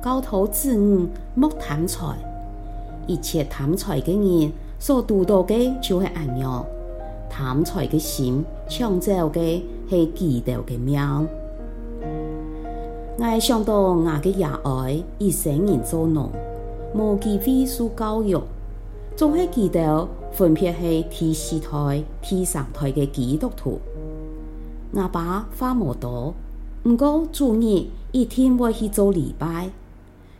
教徒自誤莫貪財，一切貪財嘅人所得到嘅就係安弱，貪財嘅心創造嘅係記得嘅命。我上到我嘅熱愛，一生人做農，冇記分書教育，總係記得分別係第四代、第三代嘅基督徒。我爸發魔刀，唔過做日一天會去做禮拜。